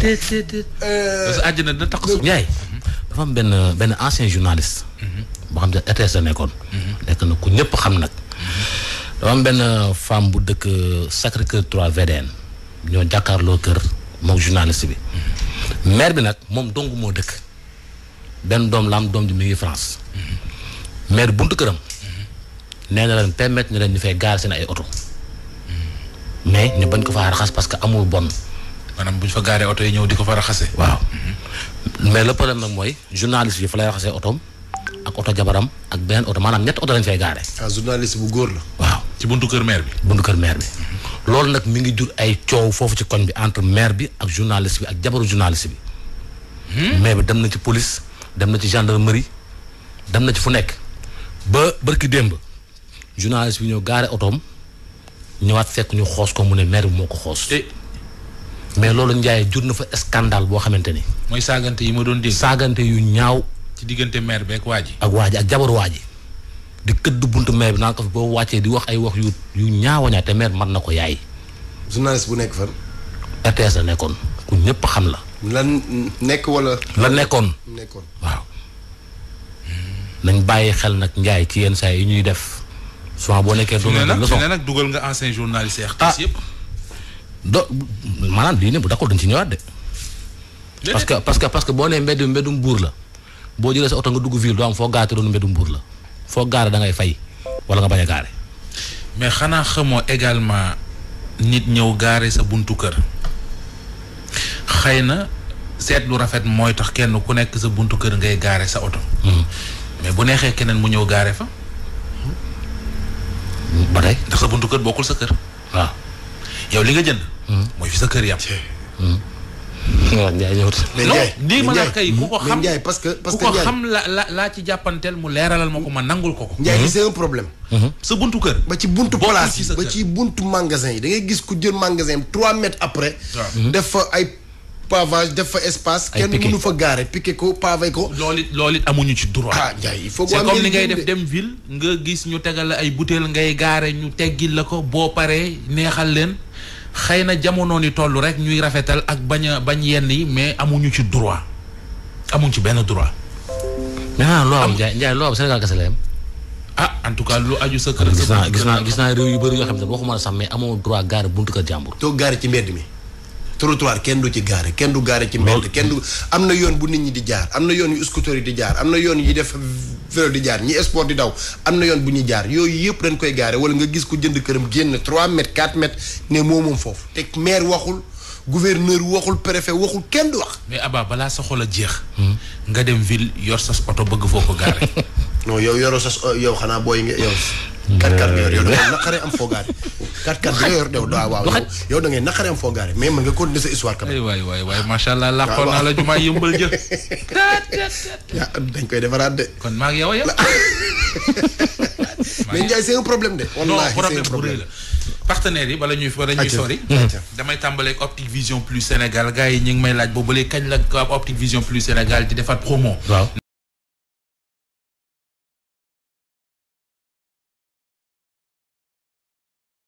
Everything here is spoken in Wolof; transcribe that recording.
te euh, te dina takk suuf. Ndiaye dafa am benn benn ancien journaliste. Mhm. boo xam ne RTS la nekkoon. Mhm. nekk na ku ñëpp xam nag. Mhm. dafa am benn femme bu dëkk Sacré Cœur 3 VDN ñoo jàkkaarloo kër moom journaliste bi. maire bi nag moom dong moo dëkk. benn doom la am doom ji mi ngi France. maire buntu këram. nee na leen permettre ñu leen ñu fay gaar seen ay oto. mais ñu bañ ko faa raxas parce que amul bon. maanaam bu ñu fa gaaree oto yi ñëw di ko fa raxase. waaw mhm. mais le problème nag mooy journaliste yi fa lay raxasee otoom ak oto jabaram ak beneen oto maanaam ñett oto lañ fay gaaree. ah journaliste bu góor la. waaw ci buntu kër maire bi. buntu kër maire bi. Mhm. loolu nag mi ngi jur ay coow foofu ci koñ bi entre maire bi ak journaliste bi ak jabaru journaliste bi. Hmm? mais bi dem na ci police dem na ci gendarmerie dem na ci fu nekk ba barki démb journaliste bi ñëw gaare otoom ñëwaat fekk ñu xoos ko mu ne maire xoos. Eh, mais loolu Ndiaye jur na fa scandale boo xamante ni. mooy saagante yi ma doon dégg. saagante yu ñaaw. ci diggante maire beeg waa ji. ak waa ji ak jabaru waa ji di këdd buntu maire bi naan ko fi boo wàccee di wax ay wax yu yu ñaawa ñaaw maire mën na ko yaay. journaliste bu nekk fan. RTS la nekkoon ku ñëpp xam la. lan nekk walla la nekkoon nekkoon waaw. nañ bàyyi xel nag njaay ci yenn saa yi ñuy def souvent boo nekkee. doon na nag dugal nga ancien journaliste ah. RTS yëpp. do maanaam lii ne bu d'accord dañ ci ñëwaat de. parce que parce que parce que boo nee mbedd mbeddum buur la boo jëlee sa oto nga dugg ville doo am foo gaate doon mbeddum buur la foo gaare da ngay fay wala nga bañ gaare. mais xanaa xamoo également nit ñëw gaare sa buntu kër xëy na seet lu rafet mooy tax kenn ku nekk sa buntu kër ngay gaaree sa oto. Hmm. mais bu neexee keneen mu ñëw gaare fa. ba ndax sa buntu kër bokkul sa kër. waaw ah. yow li nga jënd. mooy fi sa kër yam waaw mmh. mmh. Ndiaye ñëw mais non lii ma la kay ku ko xam parce que parce que ku ko la la laa ci jàppanteel mu leeralal ma ko ma nangul ko ko. Ndiaye problème. Mmh. sa buntu kër. ba ci buntu place yi ba ci buntu magasin yi dangay gis ku jël magasin bi trois mètres après. def fa ay pavage def fa espace. kenn mënu fa gaare piqué ko pavé ko. lool it loolu it amuñu ci droit. ah Ndiaye il faut ni ngay def dem ville nga gis ñu tegal ay butéel ngay gaare ñu teggil la ko boo paree neexal leen. xëy na jamono ni toll rek ñuy rafetal ak bañ bañ yenn yi mais amuñu ci droit amuñ ci benn droit. maintenant loo am Ndiaye Ndiaye loo am Sénégal kese ah en tout cas lu aju sa kër. gis naa gis naa réew yu bëri yoo xam sax mais amoo droit gaar buntu kër jàmbur. ci mbedd mi. trottoir kenn du ci gaare kenn du gaare ci mbedd kenn du am na yoon bu nit ñi di jaar am na yoon yu scooter di jaar am na yoon yi def vélo di jaar ñi sport di daw am na yoon bu ñu jaar yooyu yëpp dañ koy gaare wala nga gis ko jënd këram génn 3 mètres 4 mètres ne moo moom foofu te maire waxul gouverneur waxul préfet waxul kenn du wax. mais Abba balaa sa xol a jeex. Hmm? nga dem ville yor sas oto bëgg foo ko gaare. non yow yoroo sas yow xanaa booy nga yow. quatre quatre nga yor yow da ngay naqaree am foo gaare. quatre quatre nga yor yow waaw waaw yow da ngay naqaree am foo gaare mais mën nga continuer sa histoire. quand même waay waay waay macha allah laqoon naa la jumaa yëmbal jël. yaa dañ koy defaraat de. kon maa ngi yow yow. mais Ndiaye c'est un problème de. wallaahi c'est un problème la. partenaires yi bala ñuy bala ñuy sori damay tàmbaleeg Optique Vision Plus Sénégal gars yi ñu ngi may laaj boobu léegi kañ la Optique Vision Plus Sénégal di defaat promo. waaw.